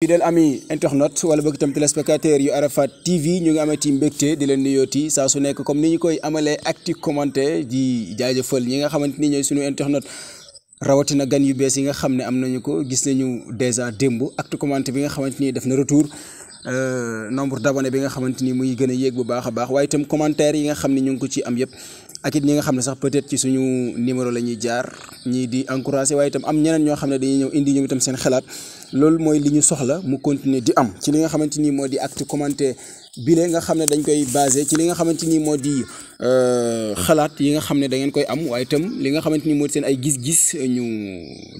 bi fidèle ami internaute wala bëgg itam téléspectateur yu Arafat TV ñu ngi amati mbégte di leen nuyooti saa su nekk comme ni ñu koy amalee acti commenté di jaajëfal ñi nga xamante ni ñooy suñu internaute rawatina gan yu bees yi nga xam ne am nañu ko gis nañu dèjà démb acti commenté bi nga xamante ni def na retour euh, nombre d'abonnés bi nga xamante ni muy gën a yéeg bu baax a baax waaye itam commentaire yi nga xam ne ñu ngi ko ci am yëpp ak it ñi nga xam ne sax peut-être ci suñu numéro la ñuy jaar ñii di encourager waaye itam am ñeneen ñoo xam ne dañuy ñëw indi ñoom itam seen xalaat loolu mooy li ñu soxla mu continuer di am ci li nga xamante ni moo di actu commenté bile nga xam ne dañ koy basé ci li nga xamante ni moo di euh, xalaat yi nga xam ne da ngeen koy am waaye itam li nga xamante ni moo di seen ay gis-gis ñu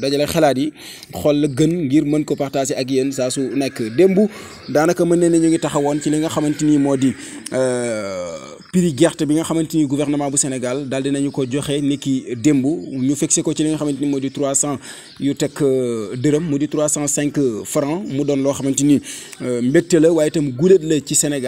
dajale xalaat yi xool la gën ngir mën ko partager ak yéen saa su nekk démb daanaka mën ne ne ñu ngi taxawoon ci li nga xamante ni moo di euh, prix gerte bi nga xamante ni gouvernement bu Sénégal daal dinañu ko joxe ni ki démb ñu fixé ko ci li nga xamante ni moo di trois cent yu teg euh, dërëm mu di trois cent cinq francs mu doon loo xamante ni mbégte la waaye itam guléet la ci Sénégal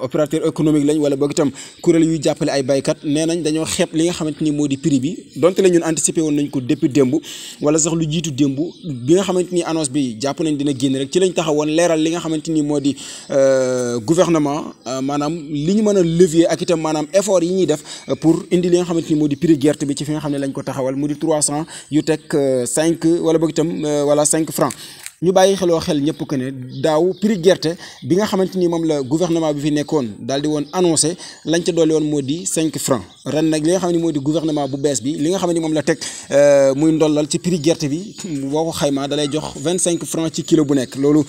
opérateur économique lañ wala boog itam kuréel yuy jàppale ay baykat nee nañ dañoo xeeb li nga xamante ni moo di prix bi donte la ñun anticiper woon nañ ko depuis démb wala sax lu jiitu démb bi nga xamante ni annonce bi jàpp nañ dina génn rek ci lañ taxawoon leeral li nga xamante ni moo di euh, gouvernement euh, maanaam li ñu mën a levier ak itam maanaam effort yi ñuy def pour indi li nga xamante ni moo di prix gerte bi ci fi nga xam ne lañ ko taxawal mu di trois cent yu teg euh, cinq wala boog itam wala cinq francs ñu bàyyi xeloo xel ñëpp que ne daaw prix gerte bi nga xamante ni moom la gouvernement bi fi nekkoon daal di woon annoncé lañ ca dolli woon moo di cinq francs ren nag li nga xam ne moo di gouvernement bu bees bi li nga xam ne moom la teg euh, muy ndollal ci prix gerte bi boo xayma xaymaa dalay jox vingt cinq francs ci kilo bu nekk loolu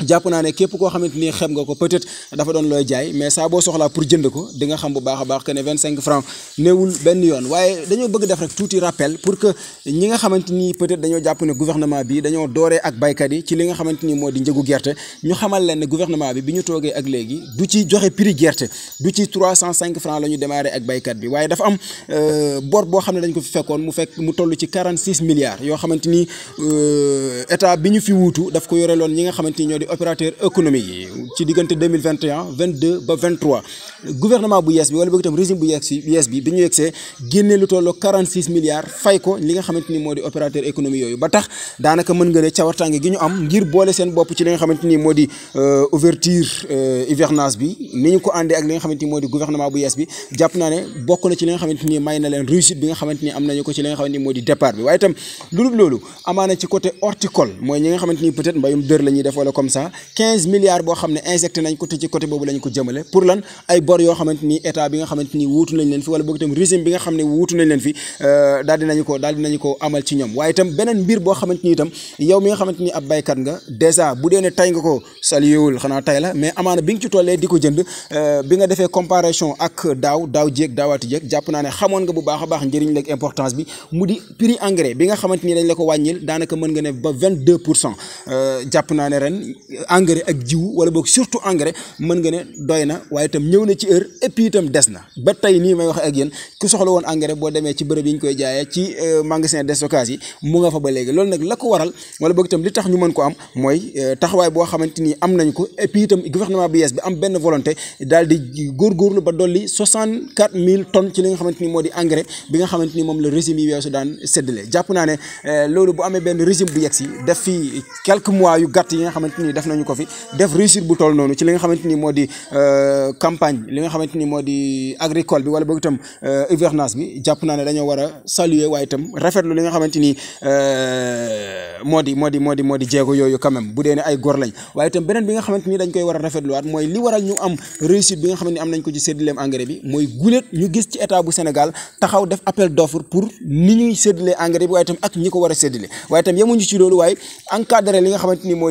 jàpp naa ne képp koo xamante ni xam nga ko peut-être dafa doon looy jaay mais saa boo soxlaa pour jënd ko di nga xam bu baax a baax que ne vingt cinq francs néewul benn yoon waaye dañoo bëgg def rek tuuti rappel pour que ñi nga xamante ni peut-être dañoo jàpp ne gouvernement bi dañoo dooree ak baykat yi ci li nga xamante ni moo di njëgu gerte ñu xamal leen ne gouvernement bi ñu toogee ak léegi du ci joxe prix gerte du ci trois cent cinq francs la ñu démarré ak baykat bi waaye dafa am euh, bor boo xam ne dañ ko fi fekkoon mu fekk mu toll ci quarante six milliards yoo xamante ni euh, bi ñu fi wuutu ko yoreloon ñi nga xamante ni ñoo di opérateur économique yi ci diggante ba gouvernement bu yees bi wala boog itam régime bu yees bi bi ñu yegsee génne lu milliards fay ko li nga xamante moo di opérateur économique euh, euh, bi ni ñu ko àndee ak li nga xamante moo di gouvernement bu yees bi jàpp naa ne bokk na ci li nga xamante may na leen réussite bi nga xamante ni am nañu ko ci li nga xamante moo di départ bi waaye itam lu dul loolu amaana ci côté horticole mooy ñi nga xamante ça quinze milliards boo xam ne injecté nañ ko te ci côté boobu lañ ko jëmale pour lan ay bor yoo xamante ni état bi nga xamante ni wuutu nañ leen fi wala boog itam régime fi euh, daal dinañu ko daal dinañu ko amal ci ñoom waaye tam beneen mbir boo xamante ni itam yow mi nga xamante ni ab baykat nga dèjà bu dee ne tay nga ko saliyewul xanaa tay la mais amaana bi nga ci tollee di ko jënd euh, bi nga defee comparaison ak daaw daaw jéeg daawaati jéeg jàpp naa ne xamoon nga bu baax a baax njëriñ leeg importance bi mu di prix engrais nga xamante ni dañ la ko wàññil daanaka mën nga ne ba vingt pour cent euh, jàpp naa ne ren engrais ak jiwu wala boog surtout engrais mën nga ne doy na waaye itam ñëw na ci heure et puis itam des na ba tey nii may waxee ak yéen ku soxla woon engrais boo demee ci bërëb yi ñu koy jaayee ci euh, magasin de stockage yi mu nga fa ba li tax ñu mën euh, ni moo di engrais bi nga xamante ni moom la régime yi weesu daan séddale jàpp naa ne euh, loolu bu amee benn régime bu yegg si fi quelques mois gàtt yi nga xamante ni ni def nañu ko fi def réussite bu toll noonu ci li nga xamante ni moo di euh, campagne li nga xamante ni moo di agricole bi wala boog itam euh, hivernage bi jàpp naa ne dañoo war a saluer waaye itam rafetlu li xamante ni euh, moo di moo di moo di moo di jéego yooyu quand même bu dee ne ay góor lañ waaye itam beneen bi nga xamante ni dañ koy war a rafetluwaat mooy li waral ñu am réussite bi nga xamante am nañ ko ci séddaleem engrais bi mooy guléet ñu gis ci état bu Sénégal taxaw def appel d'offre pour ni ñuy séddalee engrais bi waaye tam ak ñi ko war a séddale waaye itam yemuñu ci loolu waaye encadré li nga xamante ni moo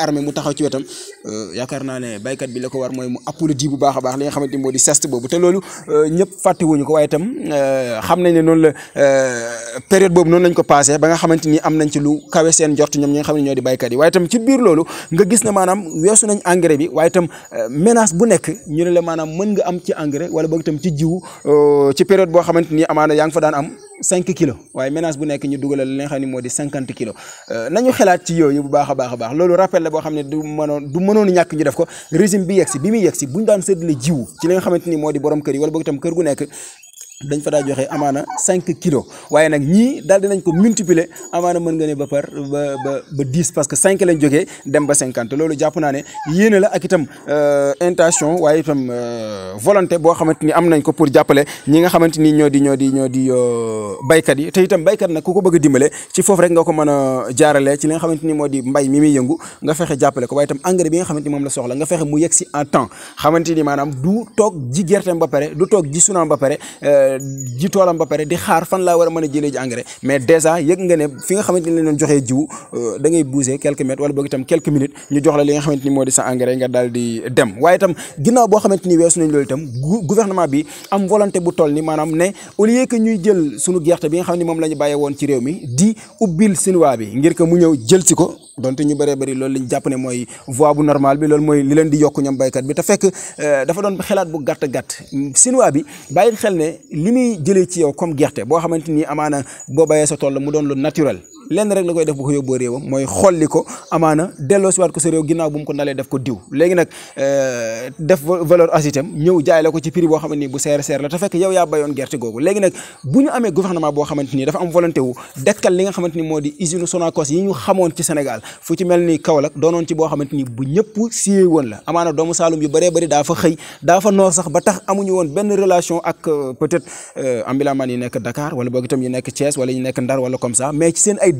armée mu taxaw ci wetam euh, yaakaar naa ne baykat bi la ko war mooy mu applaudi bu baax a baax li nga boobu te loolu euh, ñëpp fàttewuñu ko waaye euh, ko ba nga xamante ni am nañ ci lu kawe seen njort ñoom ñi nga xam ne ñoo di baykat waaye itam ci biir loolu nga gis ne maanaam weesu nañ engrais bi waaye itam menace bu nekk ñu ne la maanaam mën nga am ci engrais wala boog itam ci jiwu ci période boo xamante amaana yaa ngi fa daan am 5 kilos waaye menace bu nekk ñu dugalal li nga xam ne moo di kilos euh, nañu xelaat ci yooyu bu baax a baax a baax loolu rappel la boo xam ne du mënoon du mënon ñàkk ñu def ko régime bi yegg si bi muy yegg si daan séddale jiwu ci li nga xamante ni moo di borom kër yi wala bëgg tam kër gu nek dañ fa daa joxe amaana cinq kilos waaye nag ñii daal nañ ko multiplier amaana mën nga ne ba par ba ba ba parce que cinq lañ jógee dem ba cinquante loolu jàpp naa ne yéene la ak itam euh, intention waaye itam euh, volonté boo xamante ni am nañ ko pour jàppale ñi nga xamante ni ñoo di ñoo di ñoo di euh, baykat yi te itam baykat nag ku ko bëgg a dimbale ci foofu rek nga ko mën a jaarale ci li nga xamante ni moo di mbay mi muy yëngu nga fexe jàppale ko waaye itam engrais bi nga xamante ni moom la soxla nga fexe mu yegg si en temps xamante ni maanaam du toog ji ba pare du toog ji sunaam ba pare ji toolam ba pare di xaar fan laa war a mën a jëlee ji engrais mais déjà yëg nga ne fi nga xamante ni leen doon joxee jiw euh, da ngay bouger quelques mètres wala boog itam quelques minutes ñu jox la li nga xamante ni moo di sa engrais nga daal di dem waaye itam ginnaaw boo xamante weesu nañ loolu itam gouvernement bi am volonté di ubbil sinuwaa normal bi loolu mooy li leen di yokk ñoom béykat bi te fekk euh, dafa doon xelaat bu gàtt gàtt sinuwaa bi bàyyi xel ne li muy jëlee ci yow comme gerte boo xamante ni amaana boo bayee sa tool mu doon lu naturel lenn rek la koy def bu ko yóbboo réewam mooy xolli ko amaana delloo siwaat ko sa réew ginnaaw bu ko ndalee def ko diw léegi nag euh, def valeur ajoutée ñëw jaay la ko ci prix boo xam bu seer seer la te fekk yow yaa bayoon gerte googu léegi nag bu ñu amee gouvernement boo xamante dafa am volonté wu dekkal li nga xamante ni moo di usine Sonacos yi ñu xamoon ci Sénégal fu ci mel ni Kaolack doonoon la doomu Saalum yu bëree bëri daa xëy daa noor sax ba tax amuñu woon benn relation ak euh, peut-être euh, ambilaman yi nekk Dakar wala boog itam yi nekk Thiès wala yi nekk Ndar wala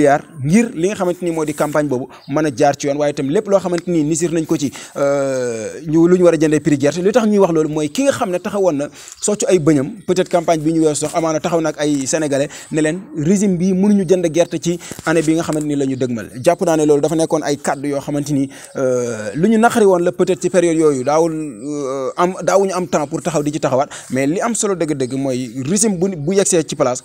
milliards ngir li nga xamante ni moo di campagne boobu mën a jaar ci yoon waaye itam lépp loo xamante nisir nañ ko ci euh, lu ñu war a jëndee prix gerte li tax ñuy wax loolu mooy ki xam ne taxaw na ak ay sénégalais ne ci année bi nga xamante ni la ñu jàpp naa ne loolu dafa nekkoon ay kàddu yoo xamante euh, lu ñu naqari woon la peut ci période yooyu daawul euh, am am temps pour taxaw di ci taxawaat mais li am solo dëgg-dëgg mooy régime bu yegsee ci place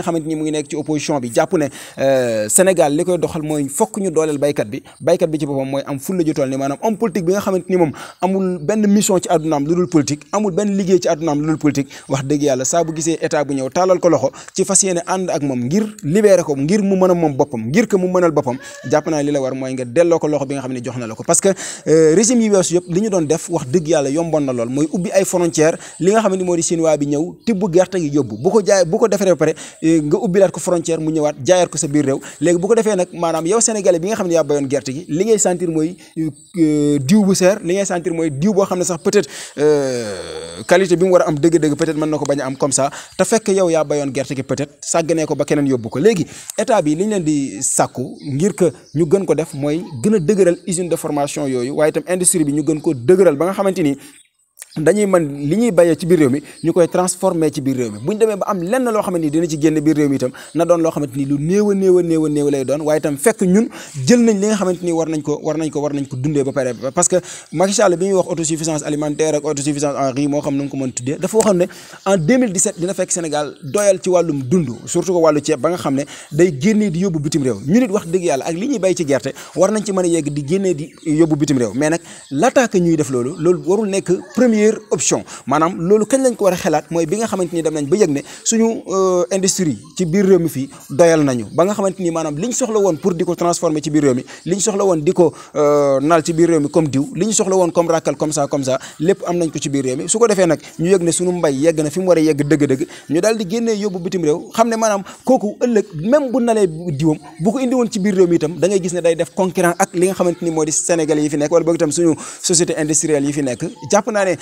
nga xamante ni mu ngi nekk ci opposition bi jàpp ne euh, Sénégal li koy doxal mooy fokk ñu dooleel baykat bi baykat bi ci boppam mooy am fulla ju toll ni maanaam homme politique bi nga xamante ni moom mu mën a moom boppam ngir que mu mënal boppam jàpp naa li la war mooy nga delloo ko loxo bi nga xam jox na la ko parce que euh, régime yi weesu yëpp li ñu doon def wax dëgg yàlla yomboon na lool mooy ubbi ay frontière li nga xamante moo di chinois bi ñëw tibb gerte gi yóbbu bu ko jaay bu Eh, nga ubbilaat ko frontière mu ñëwaat jaayaat ko sa biir réew léegi bu ko defee nag maanaam yow sénégalais bi nga xam ne yaa bayoon gerte gi li ngay sentir mooy eh, diw bu seer li ngay sentir mooy diw boo xam ne sax peut eh, qualité bi mu war a am dëgg-dëgg peut-être na ko bañ a am comme ça te fekk yow yaa bayoon gerte gi peut-être sàgganee ko ba keneen yóbbu ko léegi état bi li leen di sàkku ngir que ñu gën ko def mooy gën a dëgëral usine de formation dañuy mën li ñuy béyee ci biir réew mi ñu koy transformé ci biir réew mi bu demee ba am lenn loo xamante ni dina ci génn biir réew mi itam na doon loo xamante ni lu néew a néew a a néew lay doon waaye itam fekk ñun jël nañ li nga xamante ni war nañ ko war nañ ko war dundee ba pare parce que Macky bi ñuy wax autosuffisance alimentaire autosuffisance en riz moo xam nu mu ko mën tuddee dafa waxoon ne en 2017 dina fekk Sénégal doyal ci wàllum dund surtout ko ne day génnee di yóbbu bitim réew ñu nit a yegg di génnee loolu première option maanaam loolu kañ lañ ko war a xalaat mooy bi nga xamante dem nañ ba yëg ne suñu euh, industrie ci biir réew mi fii doyal nañu ba nga xamante ni maanaam liñ soxla woon pour di ko transformer ci biir réew mi liñ soxla woon di ko euh, naal ci biir réew mi comme diw liñ soxla woon comme rakkal comme ça comme ça lépp am nañ ko ci biir réew mi su ko defee nag ñu yëg ne suñu mbay yegg na fi mu war a yegg dëgg-dëgg ñu daal di génnee yóbbu bitim réew xam ne maanaam kooku ëllëg même bu nalee diwam bu ko indi ci biir réew mi itam da ngay ni moo di sénégalais yi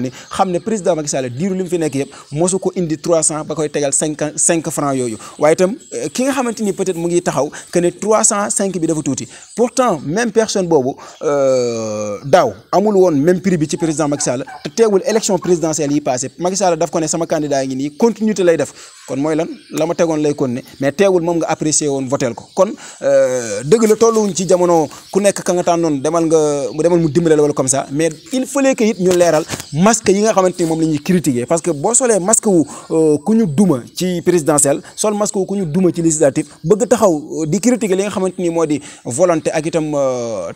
toll ne président Macky Sall diru lim mu fi nekk yëpp mosu ko indi 300 bakoy koy tegal 5 5 francs yoyu waye tam euh, ki nga xamanteni peut-être mu ngi taxaw que ne 305 bi dafa touti pourtant même personne euh daw amul won même prix bi ci président Macky Sall te teewul élection présidentielle yi passé Macky Sall daf ko ne sama candidat yi ngi nii continuité lay def kon mooy lan la ma tegoon lay kon ne mais teewul moom nga apprécier woon votel ko kon euh, dëgg la tolluwuñ ci jamono ku nekk ka nga tànnoon demal nga mu demal mu dimbale wala comme ça mais il fallait que it ñu leeral masque yi nga xamante ni moom la ñuy critiquer parce que boo solee masque wu euh, ku ñu duma ci présidentielle sol masque wu ku ñu duma ci législatif bëgg taxaw euh, di critiquer li nga xamante ni moo di volonté ak itam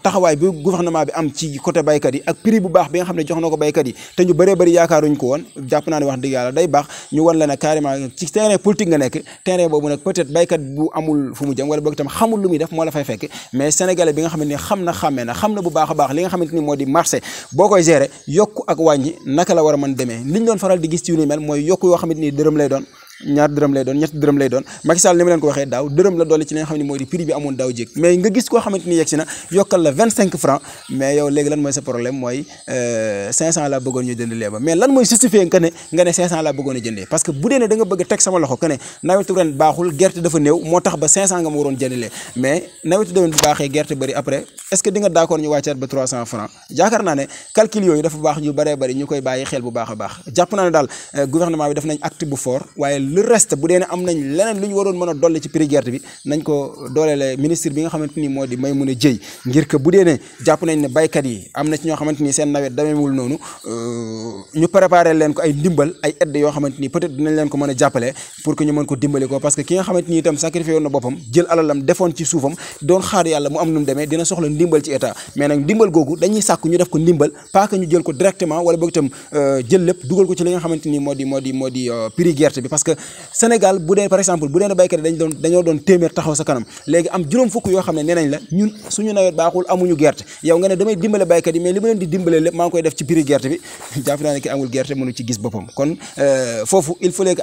taxawaay bi gouvernement bi am ci côté baykat yi ak prix bu baax bi nga xam ne jox na ko baykat yi te ñu bëree bëri yaakaaruñ ko woon jàpp naa ne wax day baax terrain politique nga nekk terrain boobu nag peut-être béykat bu amul fu mu jëm wala boog itam xamul lu muy def moo la fay fekk mais sénégalais bi nga xamante ni xam na xàmmee na xam na bu baax a baax li nga xamante ni moo di marché boo koy gérer yokk ak wàññi naka la war a mën demee liñ doon faral di gis mel mooy yokk yoo xamante ni dërëm lay doon ñaar dërëm lay doon ñett dërëm lay doon Macky Sall ni ma leen ko waxee daaw dërëm la dolli ci li xam ne mooy di prix bi amoon daaw jéeg mais nga gis koo xamante yokkal la vingt mais yow euh, ne nga ne cinq cent laa a a teg sama loxo que baaxul gerte dafa néew moo tax ba cinq jaakaar naa ne calcul yooyu dafa baax ñu bëree bëri ñu koy bàyyi xel bu baax a baax jàpp naa ne daal euh, gouvernement bi def nañ acte bu fort waaye le reste bu dee ne am nañ leneen lu ñu waroon mën a dolli ci prix gerte bi nañ ko dooleele ministre bi nga xamante ni moo di Maïmouna Dièye ngir que bu dee yi am na ci ñoo xamante ni seen nawet demeewul noonu euh, ñu préparé leen ko ay ndimbal ay aide ni peut-être dinañ leen ko mën a jàppale ko dimbali ko parce que ki nga xamante ni itam dina soxla ndimbal ci état mais nag ndimbal googu dañuy ko ko directement wala boog itam euh, jël lépp li nga xamante ni moo di moo di moo euh, gerte bi parce que Sénégal bu dee par exemple bu dee béykat yi dañ doon dañoo doon téeméer taxaw sa kanam léegi am juróom fukk yoo xam ne nee nañ la ñun suñu nawet baaxul amuñu gerte yow nga ne damay dimbale béykat yi mais li ma leen di dimbale lépp maa ngi koy def ci biir gerte bi jàpp naa ne ki amul gis boppam kon euh, foofu il faut léegi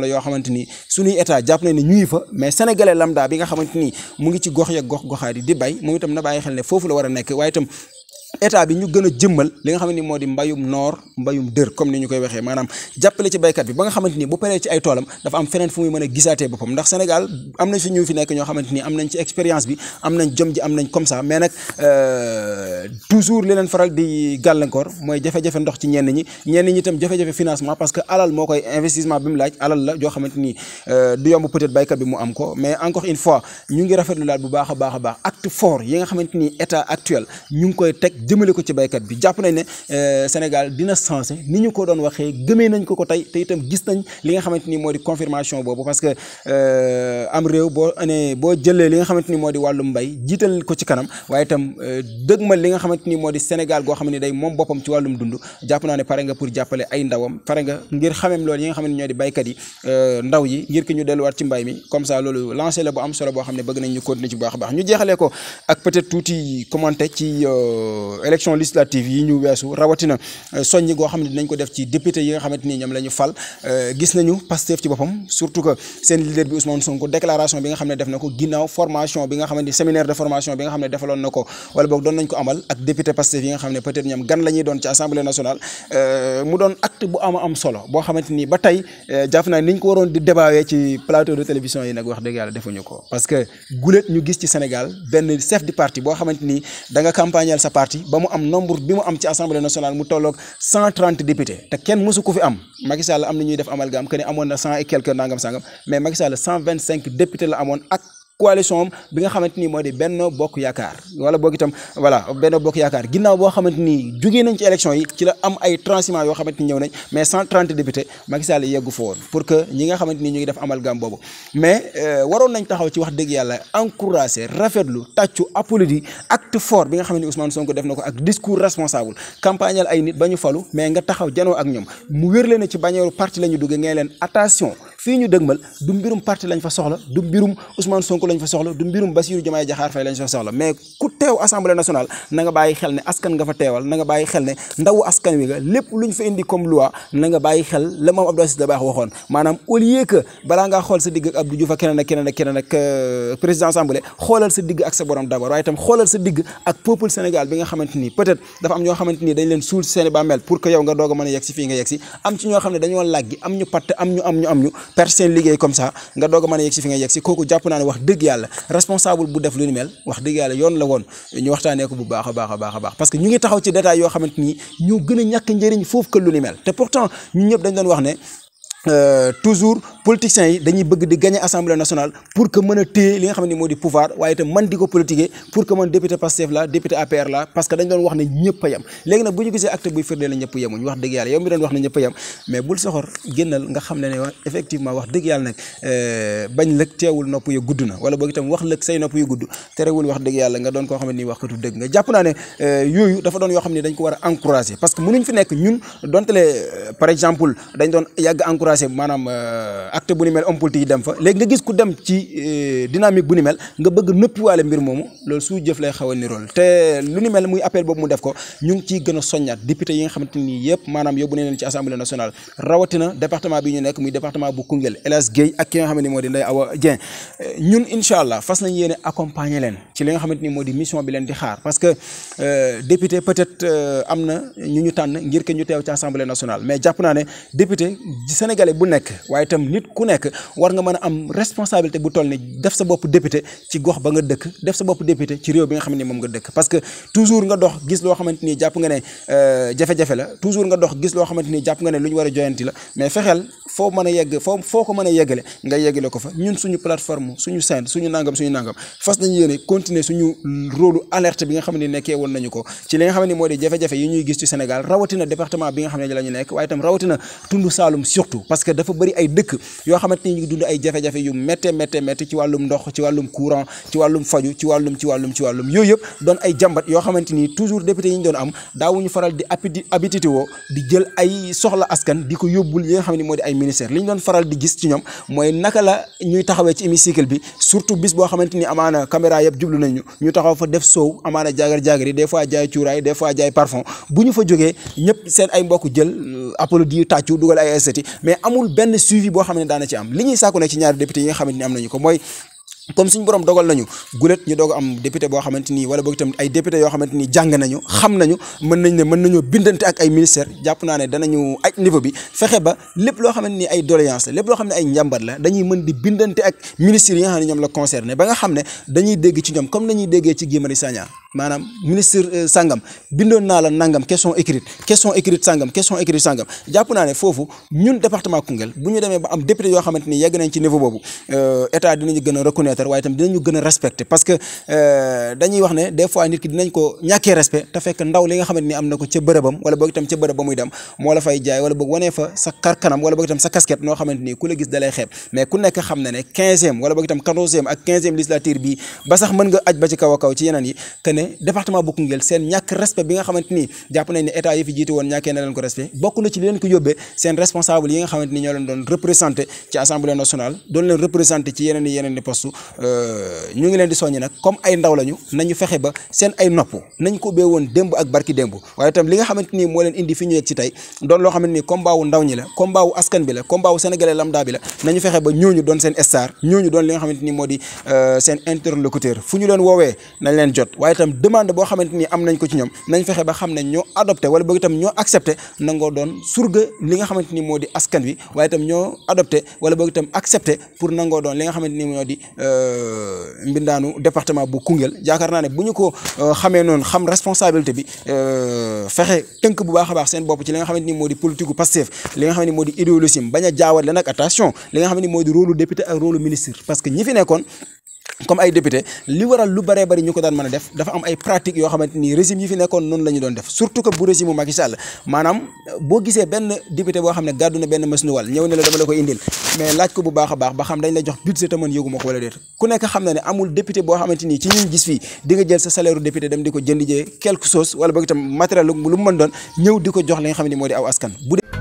la yoo xamante ni suñuy état jàpp nañ ne ñu fa mais sénégalais lambda bi nga xamante ni mu ngi ci gox ya gox goxaat yi di bay mu ngi itam na bàyyi xel ne foofu la war a nekk waaye itam état bi ñu gën a jëmmal li nga xam moo di mbayum noor mbayum dër comme ni ñu koy waxee maanaam jàppale ci baykat bi ba nga xamante ni bu paree ci ay toolam dafa am feneen fu muy a gisaatee boppam ndax Sénégal am nañ fi ñu fi nekk ñoo am nañ ci expérience am nañ jom ji am nañ comme ça mais nag euh, toujours li leen faral di gàllankoor mooy jafe-jafe ndox ci ñenn ñi ñenn ñi tam jafe-jafe financement parce que alal moo koy investissement bi mu laaj alal la joo xamante ni euh, du yomb peut baykat bi mu am ko mais encore une fois ñu ngi rafetlu daal bu baax a baax a baax acte fort yi nga xamante ni état actuel ñu ngi koy teg jëmale ko ci baykat bi jàpp nañ ne euh, Sénégal dina sensé ni ñu ko doon waxee gëmee nañ ko ko tey te itam gis nañ li nga xamante ni moo di confirmation boobu parce que euh, am réew boo anee boo jëlee li nga xamante ni moo di wàllum mbay jiital ko ci kanam waaye itam euh, dëgmal li nga xamante ni moo di Sénégal goo xam ne day moom boppam ci wàllum dund jàpp naa ne pare nga pour jàppale ay ndawam pare nga ngir xamem loolu yi nga xam ne ñoo di baykat yi ndaw yi ngir ki ñu delluwaat ci mbay mi comme ça loolu lancé la bu am solo boo xam ne bëgg nañ ñu continuer ci bu baax a baax ñu jeexalee ko ak peut-être tuuti commenté ci élection législative yi ñu weesu rawatina euh, soññi goo xam ne dinañ ko def ci député yi nga xamante ni ñoom la fal euh, gis nañu Pastef ci boppam surtout que seen leader bi Ousmane Sonko déclaration bi nga xam ne def na ko ginnaaw formation bi nga xam ne séminaire de formation bi nga xam ne defaloon na ko wala boog doon nañ ko amal ak député Pastef yi nga xam ne peut-être gan la doon ci assemblée nationale euh, mu doon acte bu ama am solo boo xamante ni ba mu am nombre bi mu am ci assemblée nationale mu tolloog cent trente députés te kenn mësu ko fi am Macky am na ñuy def amalgame que ne amoon na cent et quelque nangam sangam mais Macky Sall cent vingt cinq députés la amoon ak. coalition am bi nga xamante ni moo di benn Bokk Yaakaar wala boog itam voilà Benno Bokk Yaakaar ginnaaw boo xamante ni jugee nañ ci élection yi ci la am ay transhumants yoo xamante ni ñëw nañ mais 130 députés Macky Sall yeggu fa woon pour que ñi nga xamante ni ñu ngi def amalgame boobu mais euh, waroon nañ taxaw ci wax dëgg yàlla encouragé rafetlu tàccu applaudi acte fort bi nga xamante ni Ousmane Sonko def na ko ak discours responsable campagnal ay nit ba ñu falu mais nga taxaw janoo ak ñoom mu wér leen ci bañeeru parti la ñu duggee ngay leen attention fii ñu dëgmal du mbirum parti lañ fa soxla du mbirum Ousmane Sonko lañ fa soxla du fa soxla mais ku teew assemblée nationale na nga xel ne askan nga fa teewal na nga xel ne ndawu askan wi nga lépp luñ fa indi comme loi na nga xel la moom Abdou Aziz Dabakh waxoon maanaam au balaa ngaa xool sa digg ak Abdou Diouf ak keneen ak euh, président assemblée xoolal sa digg ak sa borom d'abord waaye itam xoolal sa digg ak peuple a a per liggéey comme ça nga doog a a yegg si fi nga yegg si kooku jàpp naa wax dëgg yàlla responsable bu def lu ni mel wax dëgg yàlla yoon la woon ñu waxtaanee bu baax a baax a baax parce que ñu ngi taxaw ci détail yoo xamante ni ñoo gën a njëriñ foofu que ni mel te pourtant ñun ñëpp dañ doon wax ne Euh, toujours politiciens yi dañuy bëgg di gagner assemblée nationale pour que mën a téye li nga xam ne moo di pouvoir waaye itam man di ko politiquer pour que man député Pastef la député APR la parce a yem léegi la ñëpp yemuñ wax dëgg yàlla yow a yem mais bul nga xam ne dañ ko war a encourager parce que mënuñ fi nekk ñun donte euh, par exemple dañ doon yàgg encourager encouragé maanaam euh, acte bu ni mel homme dem fa léegi nga gis ku dem ci euh, dynamique bu ni nga bëgg nëppiwaale mbir moomu loolu su jëf lay xaw a nirool te lu ni mel muy appel boobu mu def ko ñu ngi ciy gën a soññaat député yi nga xamante ni yëpp maanaam yóbbu nañ ci assemblée nationale rawatina département bi ñu nekk muy département bu Koungheul El Hadj ak ki nga moo di euh, li nga xamante ni moo di mission bi leen di xaar parce que député peut am na ñu ñu tànn ngir que ñu teew ci assemblée nationale sénégalais bu nek waye tam nit ku nekk war nga mën a am responsabilité bu toll ni def sa bopp député ci gox ba nga dëkk def sa bopp député ci réew bi nga xamni mom moom nga dëkk parce que toujours nga dox gis loo xamante japp jàpp nga ne euh, jafe-jafe la toujours nga dox gis loo xamante japp jàpp nga ne lu ñu war a joyanti la mais fexel fo mën a yegg fo foo ko mën a nga yeggale ko fa ñun suñu plateforme suñu scène suñu nangam suñu nangam fas nañu yéene continuer suñu rôle alerte bi nga xamni ne nekkee nañu ko ci li nga xamni modi jafé jafé jafe-jafe yi ñuy gis ci Sénégal rawati na département bi nga xam ne la ñu nekk waaye itam rawatina tund surtout parce que dafa bëri ay dëkk yoo xamante ni ñu ngi dund ay jafe-jafe yu métte métte métte ci wàllum ndox ci wàllum courant ci wàllum faju ci wàllum ci wàllum ci wàllum yooyu yëpp doon ay jàmbat yoo xamante ni toujours député yi ñu doon am daawuñu faral di apidi habitude woo di jël ay soxla askan di ko yóbbul yi nga xam ne moo di ay ministère li ñu doon faral di gis ci ñoom mooy naka la ñuy taxawee ci hémicycle bi surtout bis boo xamante ni amaana caméra yëpp jublu nañu ñ taxaw fa def soow amaana jaagar jaagar fois jaay cuuraay des fois jaay parfum bu ñu fa jógee ñëpp seen ay mbokk jël euh, applaudi tàccu dugal ay esthétique mais amul benn suivi boo xam ne daana ci am li ñuy sàkku nag ci ñaari député yi nga xamante ni am ko comme suñu borom dogal nañu gulet ñu doog am député boo xamante ni wala boog itam ay député yoo xamante ni jàng nañu xam nañu mën nañ nañoo bindante ak ay ministère jàpp naa ne danañu aj niveau ba lépp loo xamante ni ay doléance la lépp loo xam ne ay njàmbat la dañuy mën di bindante ak ministres yi nga xam ne ñoom la concerné ba nga xam ne dañuy dégg ci ñoom comme nañuy déggee ci Guy Marius Sagna maanaam ministre euh, sangam bindoon naa la nangam question écrite question écrite sangam question écrite sangam jàpp naa ne foofu ñun département Koungheul bu ñu demee ba am député yoo xamante ni yegg nañ ci niveau boobu euh, état dinañu gën a reconnaître reconnaître tam itam dinañu gën a respecter parce que euh, dañuy wax ne des fois nit ki dinañ ko ñàkkee respect te fekk ndaw li nga xamante am na ko ca bërëbam wala boog itam ca bërëb ba moo la fay jaay wala boog wanee fa sa kar kanam wala boog itam sa casquette noo xamante ku la gis dalay xeeb mais ku nekk xam na ne quinzième wala boog itam quatorzième ak quinzième législature bi ba sax mën nga aj ba ci kaw a ci yeneen yi que ne département bu seen ñàkk respect na leen ko respect bokk na ci li leen ko yóbbee seen responsable yi nga xamante ni ñoo leen doon représenté ci assemblée nationale doon leen représenté ci yeneen Euh, ñu ngi leen di soññi nag comme ay ndaw lañu nañu fexe ba seen ay nopp nañ ko ubbee woon demb ak barki démb waaye tam li nga xamante ni moo leen indi fi ñu yegg ci tey doon loo xamante ni combat wu ndaw ñi la combat askan bi la combat wu sénégalais lambda bi la nañu fexe ba ñooñu doon seen star ñooñu doon li nga xamante ni moo di euh, seen interlocuteur fu ñu leen woowee nañ leen jot waaye itam demande boo xamante ni am nañ ko ci ñoom nañ fexe ba xam ne ñoo adopté wala boog itam ñoo accepté nangoo doon surga li nga xamante ni moo di askan wi waaye itam ñoo adopté wala boog itam accepté pour nangoo doon li nga xamante ni moo di euh, Euh, mbindaanu département bu Koungheul jaakaar naa ne bu ñu ko euh, xamee noonu xam responsabilité bi euh, fexe tënk bu baax a seen bopp ci li nga ni moo di politique gu Pastef li nga xamante ni moo di idéologie bañ a jaawale nag attention li nga ni moo di rôle député ak rôle ministre parce que ñi fi comme ay député li waral lu bëree bëri ñu ko daan mën a def dafa am ay pratique yoo xamante régime yi fi nekkoon noonu la doon def surtout que bu régime Macky Sall maanaam euh, boo gisee benn député boo xam ne gàddu na benn masnuwal ñëw ne ku nekk xam na ne amul député boo xamante ci ñun gis fii di jël sa salaire député dem di ko jënd jee quelque chose wala boog itam matériel lu mu mën doon ñëw di ko jox li xam ne moo di aw askan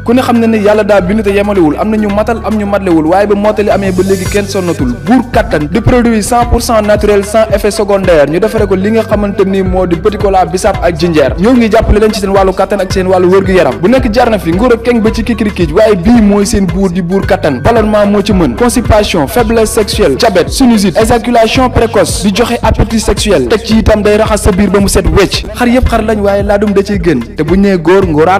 ku ne xam na ne yàlla daal bindu te yemalewul am na ñu matal am ñu matlewul waaye ba mottali amee ba léegi kenn sonnatul buur kattan di produit cent pour naturel sans effet secondaire ñu defare ko li nga xamante ni moo di petit cola bisaab ak jinjeer ñoo ngi jàppale leen ci seen wàllu kattan ak seen wàllu wërgu-yaram bu nekk jar na fi nguur ak keng ba ci kikirikiij waaye bii mooy seen buur di buur kattan ballonnement moo ci mën constipation faiblesse sexuelle diabète précoce di joxe appétit sexuel teg ci itam day raxas sa biir ba mu set wecc xar yëpp xar waaye laa dum da ciy gën te bu ñëwee góor